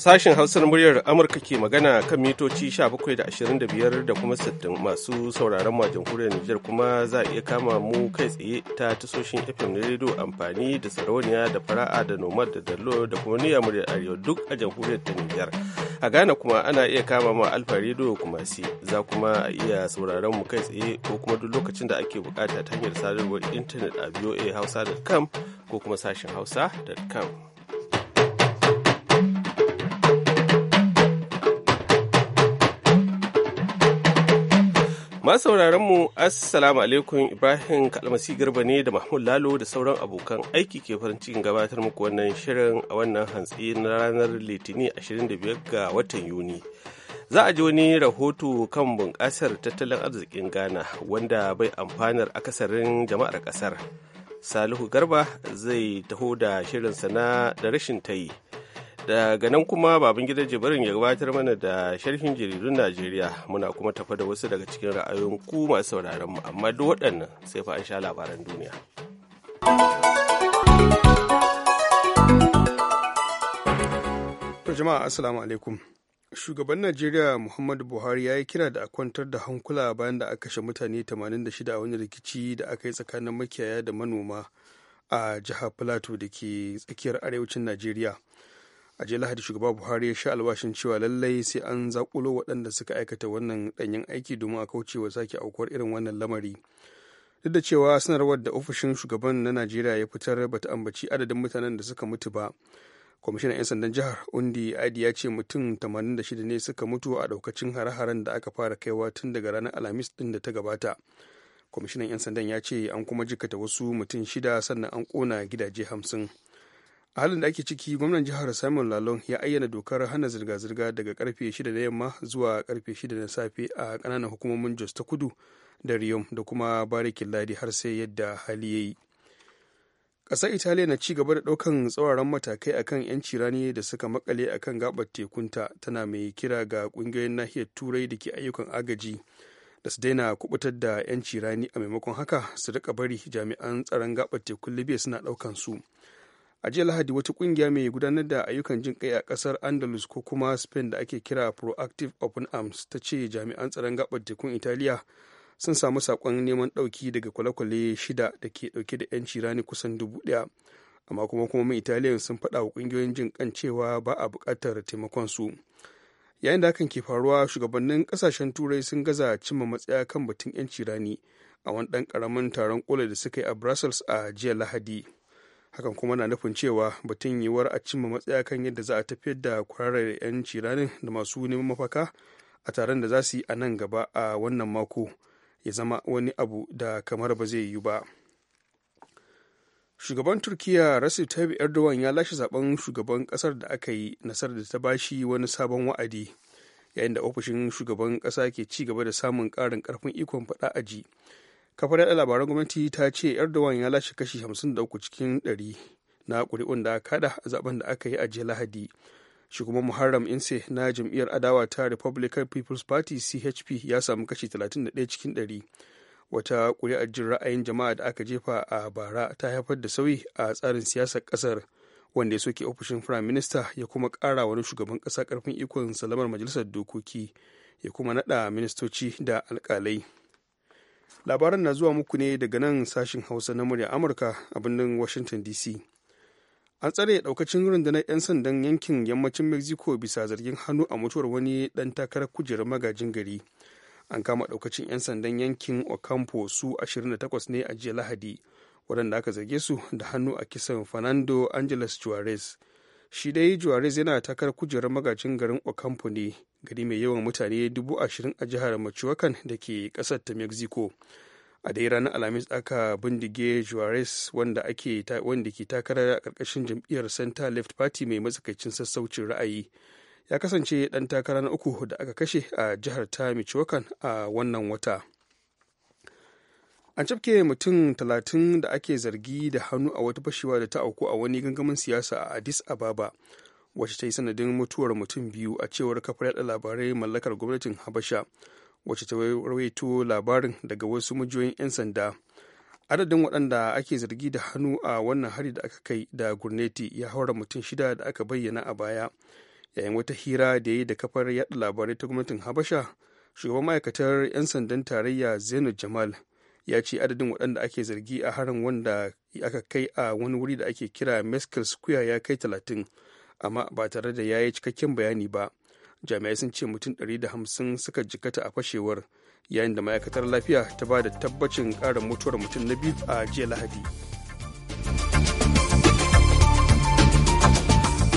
Sashen Hausar muryar Amurka ke magana kan mitoci 17.25 da kuma 60 masu sauraron ma jamhuriyar Nijar kuma za a iya kama mu kai tsaye ta tasoshin FM na rediyo amfani da sarauniya da fara'a da nomad da dallo da kuma niya muryar arewa duk a jamhuriyar ta Nijar. A Ghana kuma ana iya kama mu alfa rediyo kuma si za kuma a iya sauraron mu kai tsaye ko kuma duk lokacin da ake bukata ta hanyar sadarwar intanet a voahausa.com ko kuma sashen hausa.com. sauraron mu assalamu alaikum ibrahim kalmasi garba ne da mahmud lalo da sauran abokan aiki ke farin cikin gabatar muku wannan shirin a wannan hantsi na ranar litini 25 ga watan yuni za a ji wani rahoto kan bunƙasar tattalin arzikin ghana wanda bai amfanar akasarin jama'ar ƙasar salihu garba zai taho da shirin sana da rashin tayi daga nan kuma baban gidan jibirin ya gabatar mana da sharhin jaridun najeriya muna kuma tafa da wasu daga cikin ra'ayoyin ku masu sauraron mu amma duk waɗannan sai fa an sha labaran duniya jama'a assalamu alaikum shugaban najeriya muhammadu buhari ya yi kira da a kwantar da hankula bayan da aka kashe mutane 86 a wani rikici da aka yi tsakanin makiyaya da manoma a jihar plateau da ke tsakiyar arewacin najeriya a jiya lahadi shugaba buhari ya sha alwashin cewa lallai sai an zakulo waɗanda suka aikata wannan ɗanyen aiki domin a kauce wa sake aukuwar irin wannan lamari duk da cewa sanarwar da ofishin shugaban na najeriya ya fitar bata ambaci adadin mutanen da suka mutu ba kwamishinan 'yan sandan jihar undi adi ya ce mutum 86 ne suka mutu a daukacin hare-haren da aka fara kaiwa tun daga ranar alhamis din da ta gabata kwamishinan 'yan sandan ya ce an kuma jikata wasu mutum shida sannan an kona gidaje hamsin a halin da ake ciki gwamnan jihar simon lalon ya ayyana dokar hana zirga-zirga daga karfe 6 na yamma zuwa karfe 6 na safe a kananan hukumomin jos ta kudu da riyom da kuma barikin ladi har sai yadda hali ya yi ƙasar italiya na ci gaba da ɗaukan tsawaran matakai akan 'yanci rani da suka makale akan gabar tekunta tana mai kira ga ƙungiyoyin nahiyar turai da ke ayyukan agaji da su daina kubutar da 'yanci rani a maimakon haka su rika bari jami'an tsaron gabar tekun libya suna ɗaukan su a jiya lahadi wata kungiya mai gudanar da ayyukan jin kai a kasar andalus ko kuma spain da ake kira proactive open arms ta ce jami'an tsaron gabar tekun italiya sun samu sakon neman ɗauki daga kwale-kwale shida da ke dauke da 'yanci rani kusan dubu ɗaya amma kuma kuma mai italiya sun faɗa wa kungiyoyin jin kan cewa ba a buƙatar taimakon su yayin da hakan ke faruwa shugabannin ƙasashen turai sun gaza cimma matsaya kan batun 'yanci rani a wani ɗan ƙaramin taron ƙola da suka yi a brussels a jiya lahadi hakan kuma na nufin cewa batun yiwuwar a cimma matsaya kan yadda za a tafiyar da kwararar yanci ciranin da masu neman mafaka a taron da za su yi a nan gaba a wannan mako ya zama wani abu da kamar ba zai yiwu ba shugaban turkiya rasu tayyip erdogan ya lashe zaben shugaban kasar da aka yi nasarar da ta bashi wani sabon wa'adi yayin da ofishin shugaban kasa ke ci gaba da samun karin karfin ikon faɗa aji kafar yaɗa labaran gwamnati ta ce erdogan ya lashe kashi 53 cikin 100 na ƙuri'un da aka kada zaben da aka yi a jiya lahadi shi kuma muharram inse na jam'iyyar adawa ta republican people's party chp ya samu kashi 31 cikin 100 wata ƙuri'ar jin ra'ayin jama'a da aka jefa a bara ta haifar da sauyi a tsarin siyasar ƙasar wanda ya soke ofishin prime minister ya kuma ƙara wani shugaban ƙasa karfin ikon salamar majalisar dokoki ya kuma naɗa ministoci da alkalai labaran na zuwa muku ne daga nan sashin hausa na murya amurka a birnin washington dc an tsare daukacin rundunar 'yan sandan yankin yammacin mexico bisa zargin hannu a mutuwar wani dan takarar kujerar magajin gari an kama daukacin 'yan sandan yankin ocampo su 28 ne a jiya lahadi waɗanda aka zarge su da hannu a kisan fernando angeles juarez shi dai juarez yana takar kujerar magajin garin okampo ne gari mai yawan mutane dubu ashirin a jihar michoacan da ke kasar ta mexico a dai ranar alhamis aka bindige juarez wanda ake wanda ke takarar a karkashin jam'iyyar center left party mai matsakaicin sassaucin ra'ayi ya kasance dan takara na uku da aka kashe a jihar ta michoacan a wannan wata an cafke mutum talatin da ake zargi da hannu a wata fashewa da ta auku a wani gangamin siyasa a addis ababa wacce ta yi sanadin mutuwar mutum biyu a cewar kafar yada labarai mallakar gwamnatin habasha wacce ta rawaito labarin daga wasu majiyoyin 'yan sanda adadin waɗanda ake zargi da hannu a wannan hari da aka kai da gurneti ya haura mutum shida da aka bayyana a baya yayin wata hira da ya yi da kafar yada labarai ta gwamnatin habasha shugaban ma'aikatar 'yan sandan tarayya zainab jamal ya ce adadin waɗanda ake zargi a harin wanda aka kai a wani wuri da ake kira meskel square ya kai talatin amma ba tare da ya yi cikakken bayani ba jami'ai sun ce mutum ɗari da hamsin suka jikata a fashewar yayin da ma'aikatar lafiya ta ba da tabbacin ƙarin mutuwar mutum na biyu a jiya lahadi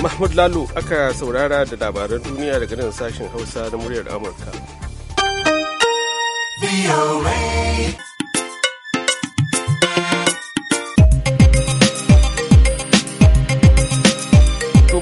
mahmud lalo aka saurara da labaran duniya daga nan sashen hausa na muryar amurka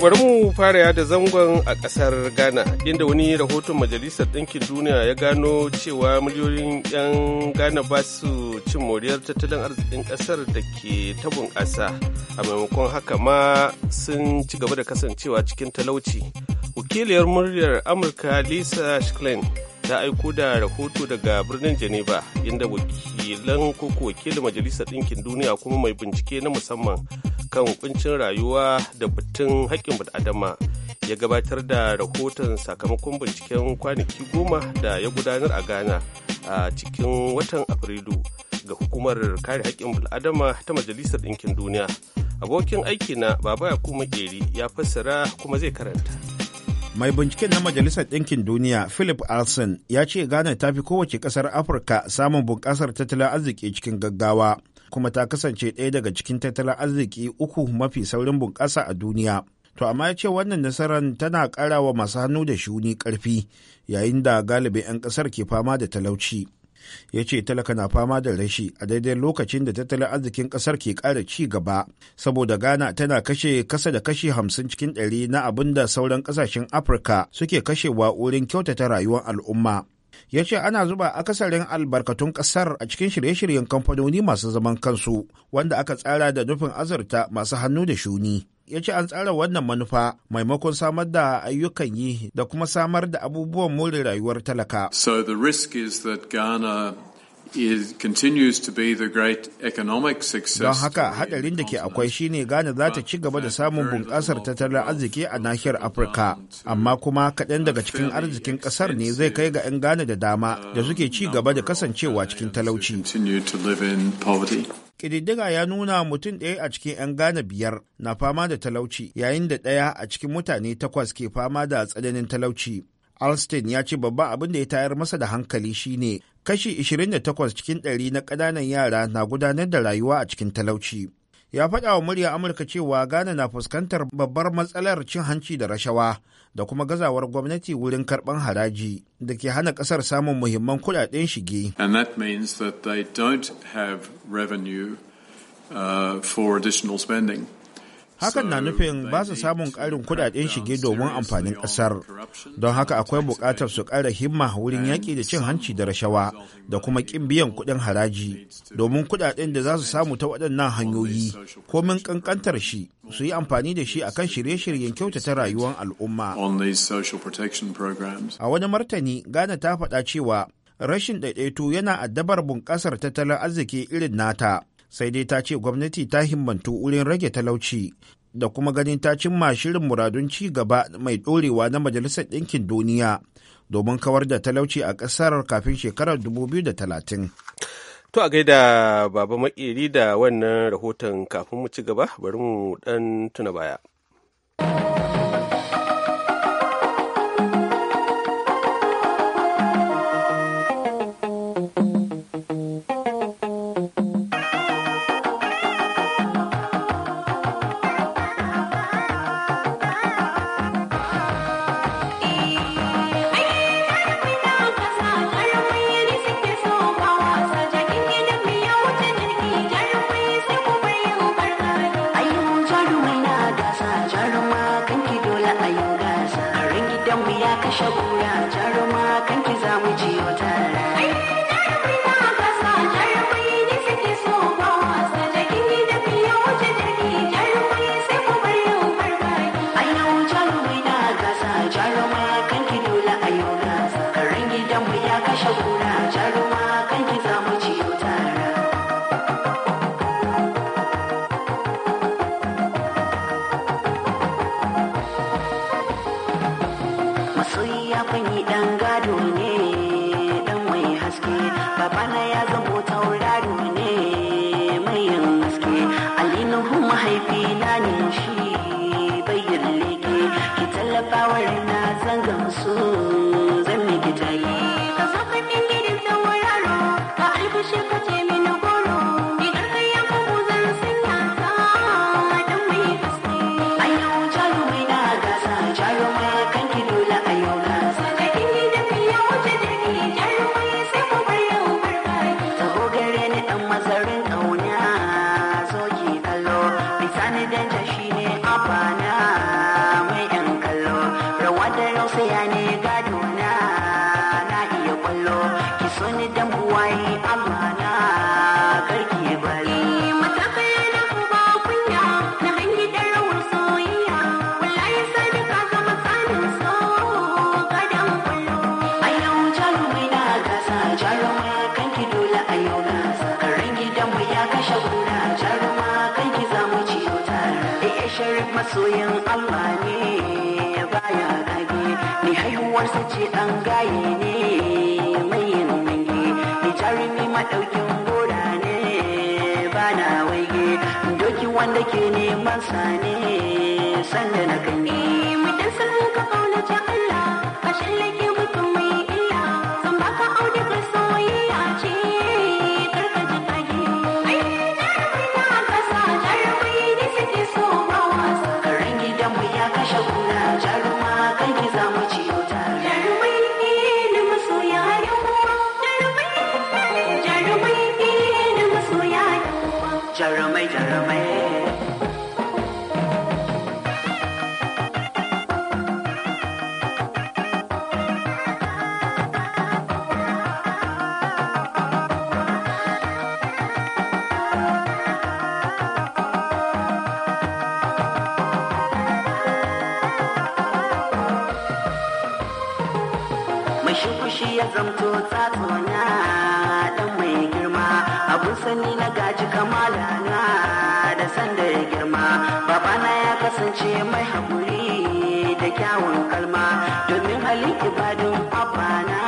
bari mu fara da zangon a ƙasar Ghana, inda wani rahoton Majalisar Ɗinkin Duniya ya gano cewa miliyoyin 'yan Ghana ba su cin moriyar tattalin arzikin ƙasar da ke ta ƙasa a maimakon haka ma sun ci gaba da kasancewa cikin talauci. Wakiliyar muryar Amurka Lisa Schlein ta aiko da rahoto daga birnin Geneva inda wakilan koko wakilin Majalisar Ɗinkin Duniya kuma mai bincike na musamman kan hukuncin rayuwa da batun haƙƙin bil'adama ya gabatar da rahoton sakamakon binciken kwanaki goma da ya gudanar a Ghana a cikin watan Afrilu ga hukumar kare haƙƙin bil'adama ta Majalisar Ɗinkin Duniya. Abokin aiki na Baba Yakubu Makeri ya fassara kuma zai karanta. mai bincike na majalisar ɗinkin duniya philip alson ya ce ghana ta fi kowace ƙasar afirka samun bunƙasar tattalin arziki cikin gaggawa kuma ta kasance ɗaya daga cikin tattalin arziki uku mafi saurin bunƙasa a duniya to amma ya ce wannan nasarar tana ƙara wa masu hannu da shuni ƙarfi yayin da galibin 'yan ƙasar ke fama da talauci ya ce talaka na fama da rashi a daidai lokacin da tattalin arzikin kasar ke ƙara ci gaba saboda ghana tana kashe kasa da kashe hamsin cikin ɗari na abin da sauran ƙasashen afirka suke kashewa wurin kyautata rayuwar al'umma ya ce ana zuba akasarin albarkatun kasar a cikin shirye-shiryen kamfanoni masu zaman kansu wanda aka tsara da nufin azurta masu hannu da shuni ya ce an tsara wannan manufa maimakon samar da ayyukan yi da kuma samar da abubuwan more rayuwar talaka. So the risk is that Ghana is, continues to be the great economic success. Don haka hadarin da ke akwai shine Ghana za ta ci gaba da samun bunƙasar tattalin arziki a nahiyar Afirka, amma kuma kaɗan daga cikin arzikin ƙasar ne zai kai ga 'yan Ghana da dama da suke ci um, gaba da kasancewa cikin talauci. kididdiga ya nuna mutum ɗaya a cikin 'yan Ghana biyar na fama da talauci yayin da ɗaya a cikin mutane takwas ke fama da tsananin talauci. Alston ya ce babban abin da ya tayar masa da hankali shine kashi 28 cikin ɗari na ƙananan yara na gudanar da rayuwa a cikin talauci. Ya faɗa wa murya Amurka cewa Ghana na fuskantar babbar matsalar cin hanci da rashawa da kuma gazawar gwamnati wurin haraji da ke hana samun muhimman shige. And that means that they don't have revenue uh, for additional spending. hakan na nufin ba su samun ƙarin kudaden shige domin amfanin ƙasar don haka akwai buƙatar su ƙara himma wurin yaƙi da cin hanci da rashawa da kuma ƙin biyan kuɗin haraji domin kuɗaɗen da za su samu ta waɗannan hanyoyi komin ƙanƙantar shi su yi amfani da shi a kan shirye-shiryen kyautata rayuwar al'umma a wani martani ghana ta faɗa cewa rashin ɗaiɗaito yana addabar bunƙasar tattalin arziki irin nata sai dai ta ce gwamnati ta himmantu wurin rage talauci da kuma ganin ta cimma shirin muradun ci gaba mai ɗorewa na majalisar ɗinkin duniya domin kawar da talauci a ƙasar kafin shekarar 2030. To a gaida baba makeri da wannan rahoton kafin mu ci gaba bari mu ɗan tuna baya. masoyin Allah ne baya kage ni su ce ɗan gaye ne mai yin wange ni jarumi maɗaukin gora ne na waige doki wanda ke neman sa ne sanda na gani shi fushi ya zamto tsatsona dan mai girma abun sani na gaji kamala na da sanda ya girma babana ya kasance mai haƙuri da kyawun kalma domin halin ibadun babana.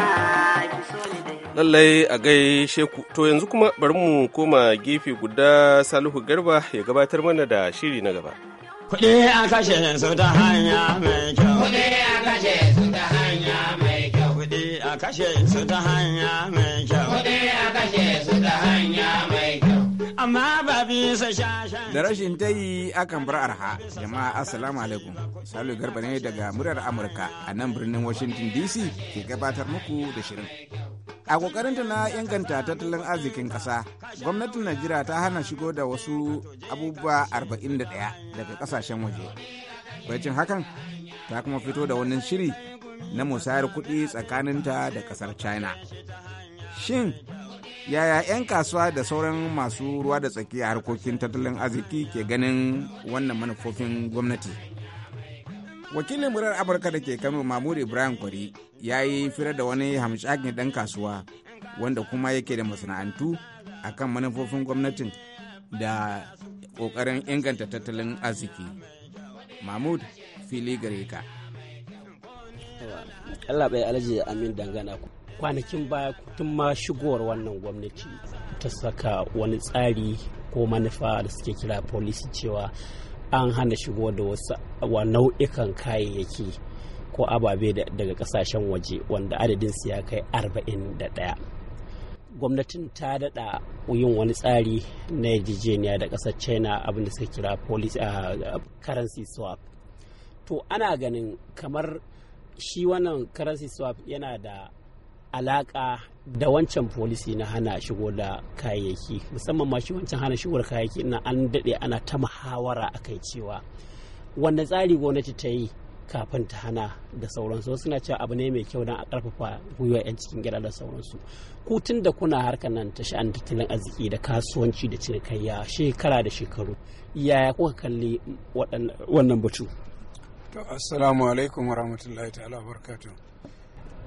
lallai a gaishe to yanzu kuma bari mu koma gefe guda salihu garba ya gabatar mana da shiri na gaba kuɗi a kashe su ta hanya mai kyau kuɗi a kashe su a kashe su ta hanya mai kyau. Kuɗi a kashe su ta hanya mai kyau. Amma ba bisa shashen. Da rashin ta yi akan bar arha. Jama'a Assalamu alaikum. Salu Garba ne daga murar Amurka a nan birnin Washington DC ke gabatar muku da shirin. A kokarinta na inganta tattalin arzikin ƙasa, gwamnatin Najeriya ta hana shigo da wasu abubuwa arba'in da ɗaya daga ƙasashen waje. bacin hakan, ta kuma fito da wannan shiri na musayar kuɗi tsakaninta da ƙasar china shin yaya 'yan kasuwa da sauran masu ruwa da tsaki a harkokin tattalin arziki ke ganin wannan manufofin gwamnati wakilin murar amurka da ke kano mahmud ibrahim kwari ya yi fira da wani hamshakin ɗan kasuwa wanda kuma yake da masana'antu a kan manufofin gwamnatin da ƙoƙarin inganta tattalin arziki mahmud fili gare ka Allah bai alaji amin dangana ku kwanakin baya tun ma shigowar wannan gwamnati ta saka wani tsari ko manufa da suke kira policy cewa an hana shigo da wasu wa nau'ikan kayayyaki ko ababe daga kasashen waje wanda adadin su ya kai 41 gwamnatin ta daɗa yin wani tsari na yarjejeniya da ƙasar china abinda suka kira a ah, currency swap to ana ganin kamar shi wannan currency swap yana da alaka da wancan policy na hana shigo da kayayyaki musamman ma shi wancan hana shigo da kayayyaki na an daɗe ana ta muhawara kai cewa wanda tsari gwamnati ta yi kafin ta hana da sauransu wasu na cewa abu ne mai kyau don a karfafa gwiwa 'yan cikin gida da sauransu ku tun da kuna harkar nan ta sha'an tattalin arziki da kasuwanci da cinikayya shekara da shekaru yaya kuka kalli wannan batu to assalamu alaikum wa rahmatullahi ta'ala barkatu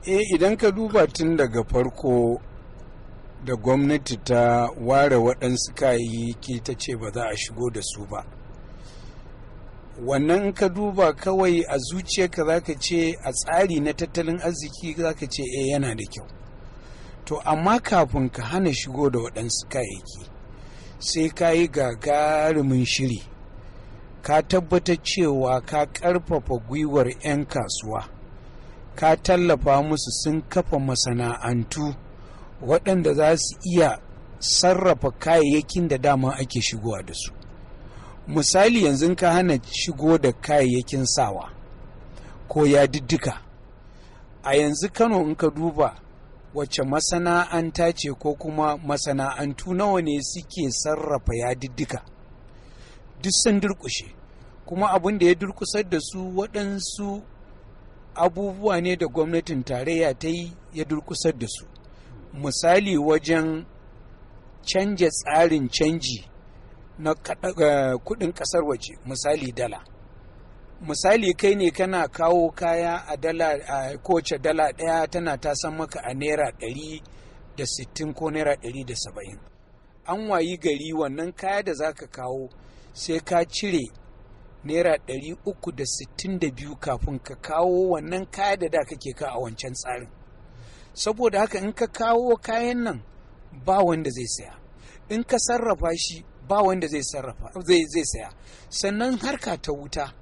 eh idan ka duba tun daga farko da gwamnati ta ware waɗansu kayayyaki ta ce ba za a shigo da su ba wannan ka duba kawai a zuciyarka za ka ce a tsari na tattalin arziki za ka ce eh yana da kyau to amma kafin ka hana shigo da waɗansu kayayyaki sai ka yi gagarumin shiri ka tabbatar cewa ka ƙarfafa gwiwar 'yan kasuwa ka tallafa musu sun kafa masana'antu waɗanda za su iya sarrafa kayayyakin da dama ake shigowa da su misali yanzu ka hana shigo da kayayyakin sawa ko yadiddika a yanzu kano in ka duba wace masana'anta ce ko kuma masana'antu nawa ne suke sarrafa yadiddika duk sun durkushe kuma abin da ya durkusar da su waɗansu abubuwa ne da gwamnatin tarayya ta yi ya durkusar da su misali wajen canja tsarin canji na eh, kudin ƙasar waje misali dala misali kai ne kana kawo kaya a dala a kowace dala ɗaya tana ta san maka a naira ɗari da sittin ko naira ɗari da saba'in an wayi gari wannan kaya da za ka kawo sai ka cire naira 362 kafin ka kawo wannan kaya da da kake ka a wancan tsarin saboda haka in ka kawo kayan nan ba wanda zai saya in ka sarrafa shi ba wanda zai sarrafa zai saya sannan harka ta wuta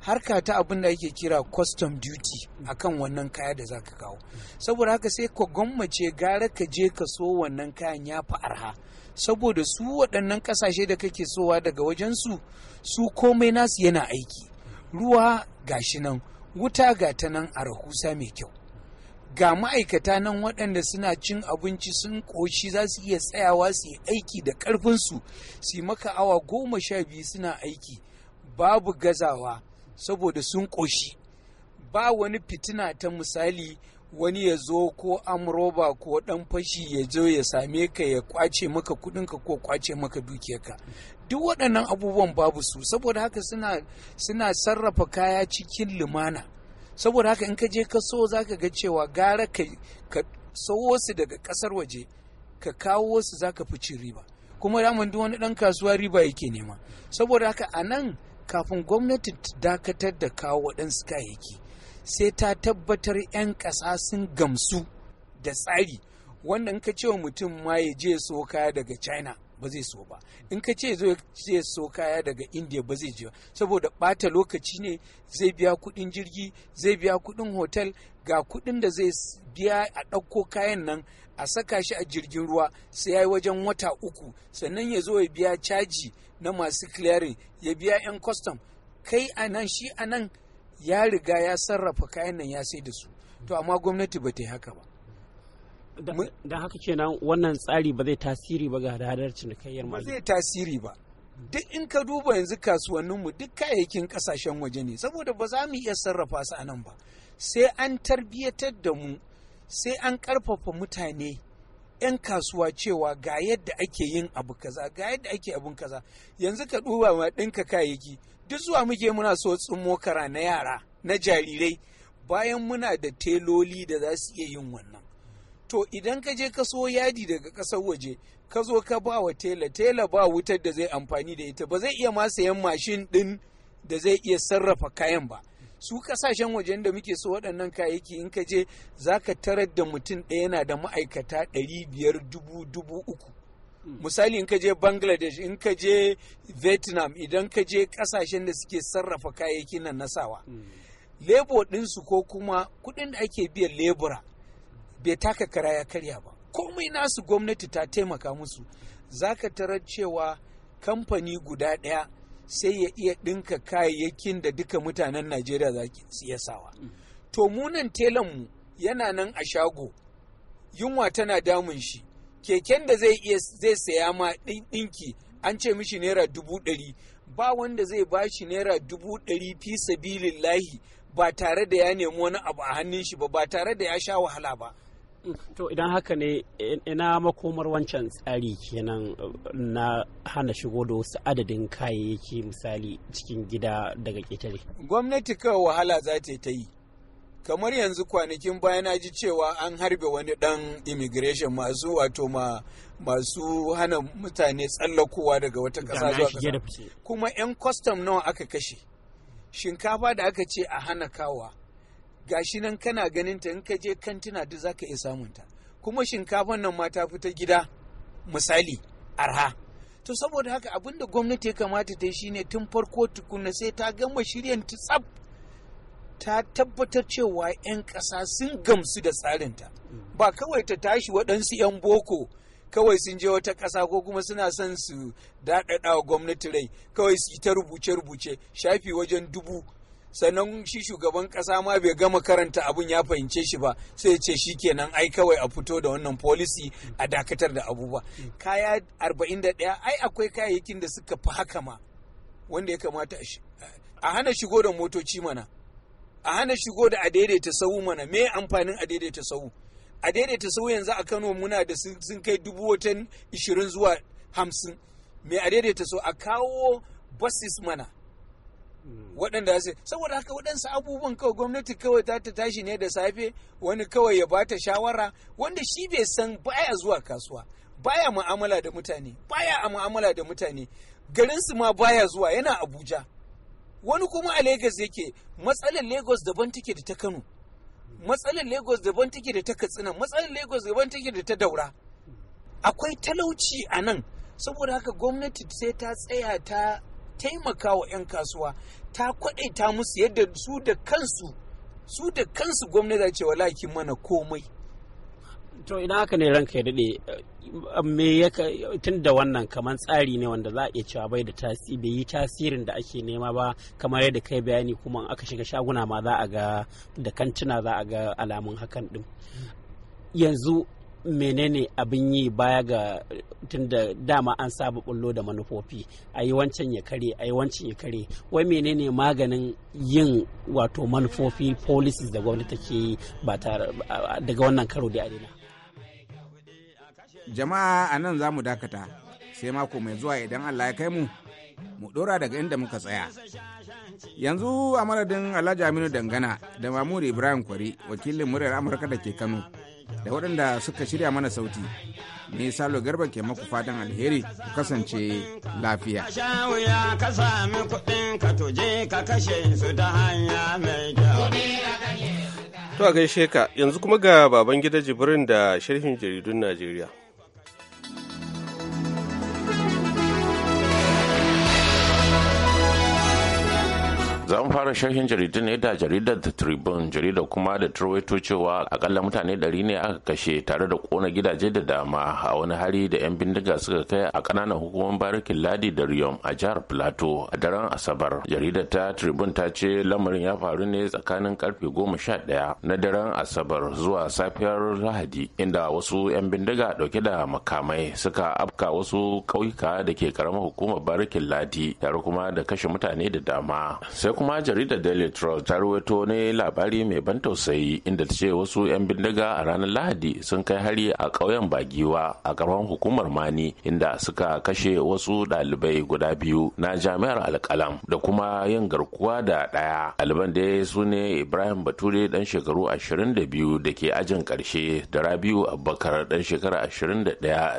harka ta abin da ake kira custom duty akan wannan kaya da za ka kawo saboda haka sai ka gwammace gara ka je ka so wannan kayan ya fi arha saboda su waɗannan ƙasashe da kake sowa daga wajensu su komai nasu yana aiki ruwa gashi nan wuta ga ta nan a rahusa mai kyau ga ma'aikata nan waɗanda suna cin abinci sun ƙoshi za su iya tsayawa su yi aiki da ƙarfinsu su maka awa goma sha biyu suna aiki babu gazawa saboda sun ƙoshi ba wani fitina ta misali wani ya zo ko amroba ko dan fashi ya zo ya same ka ya kwace maka kudinka ko kwace maka dukiyarka duk waɗannan abubuwan babu su saboda haka suna sarrafa kaya cikin lumana saboda haka in ka je kaso so za ka ga cewa gara ka sowo su daga ƙasar waje ka kawo su za ka fi cin riba kuma daman duk wani ɗan kasuwa riba yake nema saboda haka a nan kafin gwamnati dakatar da kawo waɗansu kayayyaki sai ta tabbatar 'yan ƙasa sun gamsu da tsari wannan in ka ce wa mutum ma ya je so kaya daga china ba zai so ba in ka ce zai so kaya daga india ba zai je saboda ɓata lokaci ne zai biya kuɗin jirgi zai biya kuɗin hotel ga kuɗin da zai biya a ɗauko kayan nan a saka shi a jirgin ruwa sai ya yi wajen wata uku sannan ya zo ya biya caji na masu clearing ya biya 'yan custom kai a nan shi a nan ya riga ya sarrafa kayan nan ya sai da su to amma gwamnati ba ta yi haka ba don haka kenan wannan tsari ba zai tasiri ba ga hadar cinikayyar ba zai tasiri ba duk in ka duba yanzu kasuwanninmu duk kayayyakin kasashen waje ne saboda ba za mu iya sarrafa su a nan ba sai an tarbiyyatar da mu sai an karfafa mutane 'yan kasuwa cewa ga yadda ake yin abu kaza ga yadda ake abun kaza yanzu ka duba ma ɗinka kayayyaki duk zuwa muke muna so tsummo kara na yara na jarirai bayan muna da teloli da za su iya yin wannan to idan ka je kaso yadi daga ƙasar waje ka zo ka ba wa tela tela ba wutar da zai amfani da ita ba zai iya ma sayan mashin ɗin da zai iya sarrafa kayan ba su kasashen wajen da muke so waɗannan kayayyaki in ka je za ka tarar da mutum ɗaya yana da ma'aikata ɗari biyar dubu dubu uku misali in ka je bangladesh in ka je vietnam idan ka je kasashen da suke sarrafa kayayyakin nan na sawa lebo ɗinsu ko kuma kuɗin da ake biyan lebura bai taka kara ya karya ba komai nasu gwamnati ta taimaka musu za ka tarar cewa kamfani guda ɗaya sai ya iya ɗinka kayayyakin da duka mutanen najeriya za su iya sawa to munan telan mu yana nan a shago yunwa tana damun shi keken da zai iya zai saya ma ɗinki an ce mishi naira dubu ɗari ba wanda zai ba shi naira dubu ɗari fi sabilillahi ba tare da ya nemi wani abu a hannun shi ba ba tare da ya sha wahala ba to idan haka ne e, ina makomar wancan tsari kenan na hana shigo da wasu adadin kayayyaki misali cikin gida daga ƙetare gwamnati kawai wahala za ta yi kamar yanzu kwanakin baya na ji cewa an harbe wani dan immigration masu wato ma masu hana mutane tsallakowa daga wata kasa zuwa kasa kuma 'yan kwastam nawa aka kashe shinkafa da aka ce a hana kawa gashi nan kana ganin ta in ka je kantina duk zaka iya samun ta kuma shinkafan nan ma ta fita gida misali arha to saboda haka abinda gwamnati ya kamata ta yi shine tun farko tukunna sai ta gama shiryan ta tsaf ta tabbatar cewa 'yan ƙasa sun gamsu da tsarinta ba kawai ta tashi waɗansu 'yan boko kawai sun je wata ƙasa ko kuma suna son su daɗaɗa wa gwamnati rai kawai su yi ta rubuce-rubuce shafi wajen dubu sannan shi shugaban ƙasa ma bai gama karanta abun ya fahimce shi ba sai ce shi kenan ai kawai a fito da wannan policy a dakatar da abubuwa kaya 41 ai akwai kayayyakin da suka fi haka ma wanda ya kamata a hana shigo da motoci mana a hana shigo da a daidaita sahu mana me amfanin a daidaita sahu a daidaita sahu yanzu a Kano muna da sun kai dubu watan ishirin zuwa hamsin me a daidaita sahu a kawo buses mana hmm. waɗanda su saboda haka waɗansu abubuwan kawai gwamnati kawai ta ta tashi ne da safe wani kawai ya bata shawara wanda shi bai san baya zuwa kasuwa baya mu'amala da mutane baya a mu'amala da mutane garinsu ma baya zuwa yana abuja wani kuma a Legas yake matsalar Legas daban take da ta Kano matsalar Legas daban take da ta Katsina matsalar Legas daban take da ta Daura akwai talauci a nan saboda haka gwamnati sai ta tsaya ta taimaka wa 'yan kasuwa ta kwadaita musu yadda su da kansu su da kansu gwamnati cewa lakin mana komai to ina haka ne ranka ya daɗe eh, me ya tun da wannan kamar tsari ne wanda za a iya cewa bai da tasiri bai yi tasirin da ake nema ba kamar yadda kai bayani kuma aka shiga shaguna ma za a ga da kantuna za a ga alamun hakan din yanzu menene abin yi baya ga tunda dama an saba bullo da manufofi a yi wancan ya kare a yi wancan ya kare wai menene maganin yin wato manufofi policies da gwamnati take yi ba tare daga wannan karo da adina jama'a a nan za mu dakata sai mako mai zuwa idan allah ya kai mu mu dora daga inda muka tsaya yanzu a madadin alhaji aminu dangana da mamuri ibrahim kwari wakilin muryar amurka da ke kano da waɗanda suka shirya mana sauti ni salo garba ke maku fatan alheri ku kasance lafiya to a gaishe ka yanzu kuma ga baban gida jibrin da sharhin jaridun najeriya za mu fara sharhin jaridu ne da jaridar da tribune jaridar kuma da turwaito cewa akalla mutane ɗari ne aka kashe tare da kona gidaje da dama a wani hari da 'yan bindiga suka kai a kananan hukumar barikin ladi da riyom a jihar plateau a daren asabar jaridar ta tribune ta ce lamarin ya faru ne tsakanin karfe goma sha ɗaya na daren asabar zuwa safiyar lahadi inda wasu 'yan bindiga ɗauke da makamai suka afka wasu ƙauyuka da ke karamar hukumar barikin ladi tare kuma da kashe mutane da dama sai kuma jaridar daily trust ta ruwaito ne labari mai ban tausayi inda ta ce wasu 'yan bindiga a ranar lahadi sun kai hari a ƙauyen bagiwa a ƙarfan hukumar mani inda suka kashe wasu ɗalibai guda biyu na jami'ar alƙalam da kuma yin garkuwa da ɗaya ɗaliban da su ne ibrahim bature ɗan shekaru 22 da ke ajin ƙarshe da rabiu abubakar ɗan shekara 21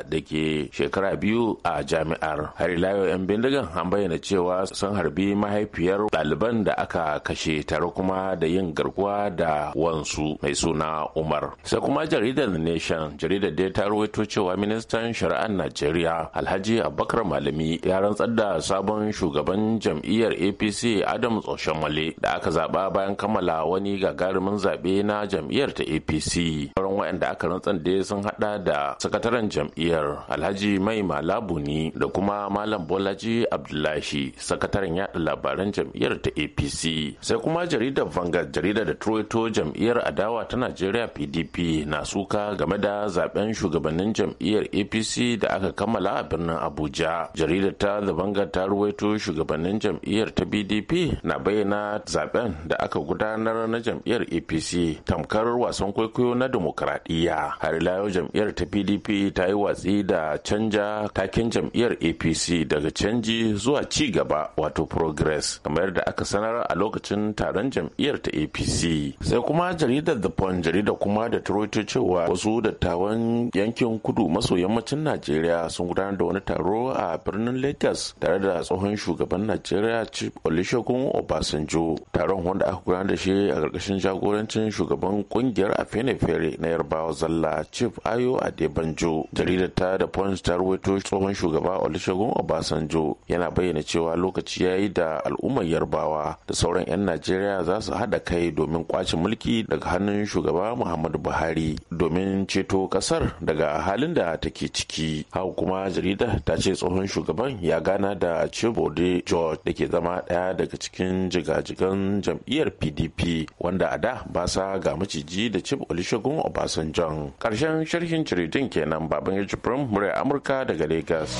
da ke shekara biyu a jami'ar har ila 'yan bindigan an bayyana cewa sun harbi mahaifiyar ɗaliban ɗaliban da aka kashe tare kuma da yin garkuwa da wansu mai suna umar sai kuma jaridar nation jaridar da ta rawaito cewa ministan shari'ar najeriya alhaji abubakar malami ya rantsar da sabon shugaban jam'iyyar apc adam male da aka zaba bayan kammala wani gagarumin zaɓe na jam'iyyar ta apc sauran waɗanda aka rantsar da sun hada da sakataren jam'iyyar alhaji mai malabuni da kuma malam bolaji abdullahi sakataren yaɗa labaran jam'iyyar ta apc sai kuma jaridar vanguard jaridar da troito jam'iyyar adawa ta najeriya pdp na suka game da zaben shugabannin jam'iyyar apc da aka kammala a birnin abuja jaridar ta the vanguard ta ruwaito shugabannin jam'iyyar ta pdp na bayyana zaben da aka gudanar na jam'iyyar apc tamkar wasan kwaikwayo na demokradiyya har layo jam'iyyar ta pdp ta yi watsi da canja takin jam'iyyar apc daga canji zuwa ci gaba wato progress kamar da aka sanar a lokacin taron jam'iyyar ta apc sai kuma jaridar the point jarida kuma da taroito cewa wasu dattawan yankin kudu maso yammacin najeriya sun gudanar da wani taro a birnin lagos tare da tsohon shugaban najeriya chief olusegun obasanjo taron wanda aka gudanar da shi a ƙarƙashin jagorancin shugaban kungiyar afenefere na yarbawa zalla chief ayo adebanjo jaridar ta da point ta ruwaito tsohon shugaba olusegun obasanjo yana bayyana cewa lokaci ya yi da al'ummar yarbawa adawa da sauran 'yan najeriya za su haɗa kai domin kwace mulki daga hannun shugaba muhammadu buhari domin ceto ƙasar daga halin da take ciki haka kuma jarida ta ce tsohon shugaban ya gana da chibode george da ke zama ɗaya daga cikin jigajigan jam'iyyar pdp wanda a da ba sa ga maciji da chib olusegun obasanjo ƙarshen sharhin jaridun kenan baban ya jibrin amurka daga Legas.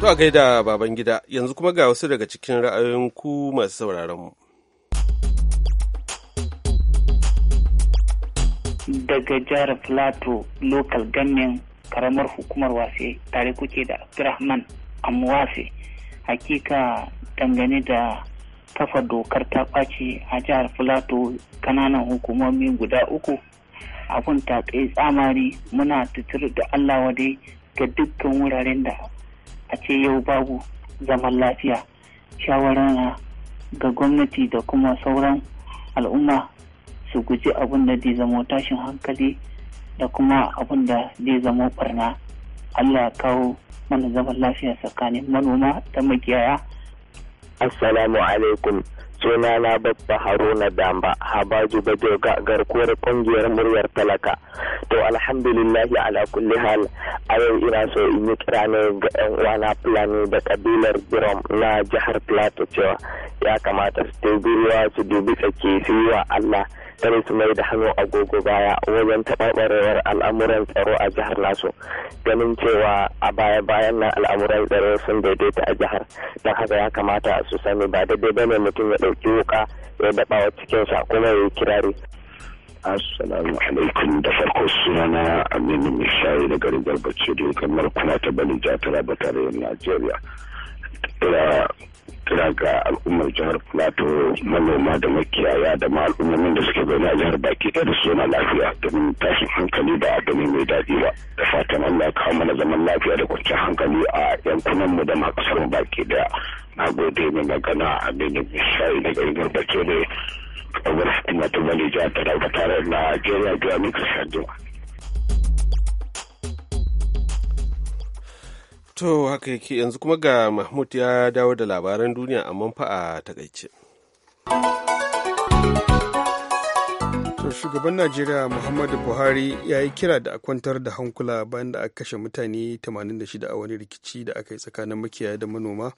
To a gaida baban gida yanzu kuma ga wasu daga cikin ra'ayoyin ku masu sauraron mu. Daga jihar filato local government karamar hukumar wase tare kuke da Abdurrahman Amwase hakika dangane da kafa dokar ta ɓaci a jihar filato kananan hukumomi guda uku abun ta tsamari muna tutur da Allah wadai ga dukkan wuraren da a ce yau babu zaman lafiya shawara ga gwamnati da kuma sauran al'umma su guji abin da zai zama tashin hankali da kuma abin da zai zama barna allah kawo mana zaman lafiya tsakanin manoma da makiyaya assalamu alaikum suna na babba haruna damba habaju bajoga garkuwar kungiyar muryar talaka to alhamdulillahi ala kulli hal a ina so in yi kira ne ga yan wana fulani da kabilar birom na jihar plateau cewa ya kamata su dubi ruwa su dubi tsaki su yi allah kada su mai da hannu agogo baya wajen taɓarɓarewar al'amuran tsaro a jihar nasu ganin cewa a baya bayan nan al'amuran tsaro sun daidaita a jihar don haka ya kamata su sani ba daidai bane mutum ya ɗauki wuka ya daɓawa cikinsa kuma ya yi kirari Assalamu alaikum da farko sunana Aminu Mishayi da garin Garbace da kamar kuna ta bani jatara ba tare da Najeriya. kira ga al'ummar jihar plato manoma da makiyaya da ma al'ummomin da suke zaune a jihar baki ɗaya da suna lafiya domin tashin hankali ba abu ne mai daɗi ba da fatan allah ya kawo mana zaman lafiya da kwanciyar hankali a yankunan mu da ma ƙasar mu baki ɗaya na gode mai magana a mini da daga yin garbace ne kamar hukumar ta malija ta daga tare najeriya biya muka shan To haka yake yanzu kuma ga Mahmud ya dawo da labaran duniya a fa a takaice. shugaban Najeriya Muhammadu Buhari ya yi kira da a kwantar da hankula bayan da aka kashe mutane 86 a wani rikici da aka yi tsakanin makiyaya da manoma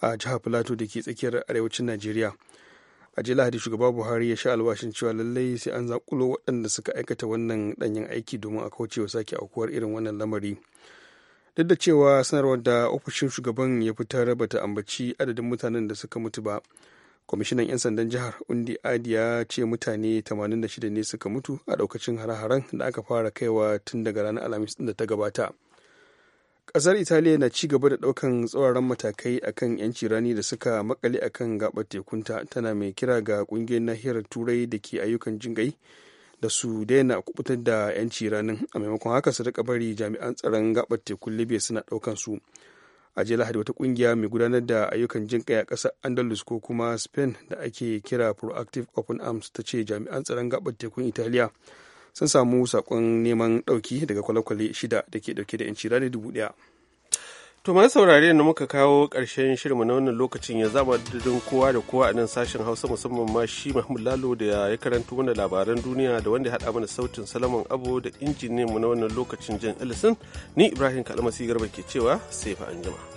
a jihar Filato da ke tsakiyar arewacin Najeriya. A jiya Lahadi shugaba Buhari ya sha alwashin cewa lallai sai an zakulo waɗanda suka aikata wannan ɗanyen aiki domin a kaucewa sake aukuwar irin wannan lamari. duk da cewa sanarwar da ofishin shugaban ya fitar bata ta ambaci adadin mutanen da suka mutu ba kwamishinan 'yan sandan jihar undi adi ya ce mutane 86 ne suka mutu a daukacin hare-haren da aka fara kaiwa tun daga ranar alhamis da ta gabata kasar italiya na ci gaba da ɗaukan tsauraran matakai akan 'yanci rani da suka makale akan gabar tekunta tana mai kira ga ƙungiyar nahiyar turai da ke ayyukan jingai da su daina kubutar da 'yanci ranin a maimakon haka su rika bari jami'an tsaron gabar tekun libya suna ɗaukan su a jiya lahadi wata kungiya mai gudanar da ayyukan jin a ƙasar andalus ko kuma spain da ake kira proactive open arms ta ce jami'an tsaron gabar tekun italiya sun samu sakon neman dauki daga kwalekwale kwale shida da ke dauke da 'yanci ranar dubu ɗaya ma saurare da muka kawo ƙarshen shirinmu na wannan lokacin ya zama dudun kowa da kowa a nan sashen Hausa musamman ma shi Mahmud Lalo da ya karanto mana labaran duniya da wanda ya haɗa mana sautin Salaman abu da mu na wannan lokacin Jan Ellison ni Ibrahim Kalmasi Garba ke cewa sai fa anjima.